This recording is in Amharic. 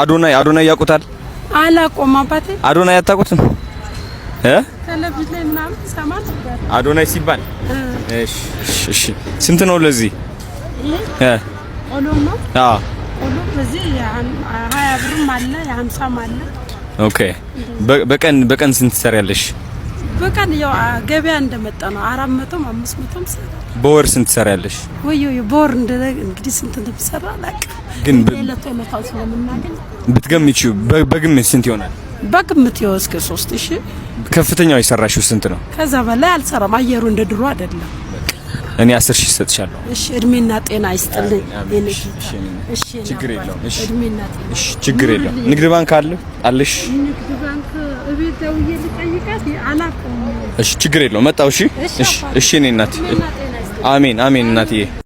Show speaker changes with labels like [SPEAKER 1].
[SPEAKER 1] አዶናይ አዶናይ ያውቁታል?
[SPEAKER 2] አላውቀውም አባቴ።
[SPEAKER 1] አዶናይ አታውቁትም? እ አዶናይ ሲባል እሺ፣ ስንት ነው ለዚህ? እ አዎ ኦኬ። በቀን በቀን ስንት ትሰሪያለሽ?
[SPEAKER 2] በቀን ያው ገበያ እንደመጣ ነው። አራት መቶም አምስት መቶም ሰራ።
[SPEAKER 1] በወር ስንት ትሰሪያለሽ?
[SPEAKER 2] ወይ ወይ በወር እንግዲህ ስንት እንደምሰራ አላውቅም፣ ግን በእለቱ እለታው ስለምናገኝ
[SPEAKER 1] ብትገምቺው፣ በግምት ስንት ይሆናል?
[SPEAKER 2] በግምት ይኸው እስከ ሶስት
[SPEAKER 1] ከፍተኛው የሰራሽው ስንት ነው?
[SPEAKER 2] ከዛ በላይ አልሰራም። አየሩ እንደ ድሮ አይደለም።
[SPEAKER 1] እኔ አስር ሺህ ሰጥቻለሁ።
[SPEAKER 2] እሺ፣ እድሜና ጤና ይስጥልኝ።
[SPEAKER 1] እሺ፣ ችግር የለውም። እሺ፣ ችግር የለውም። ንግድ ባንክ አለ አለሽ? እሺ፣ ችግር የለውም። መጣው። እሺ፣ እሺ፣ እሺ። እኔ እናት አሜን፣ አሜን እናትዬ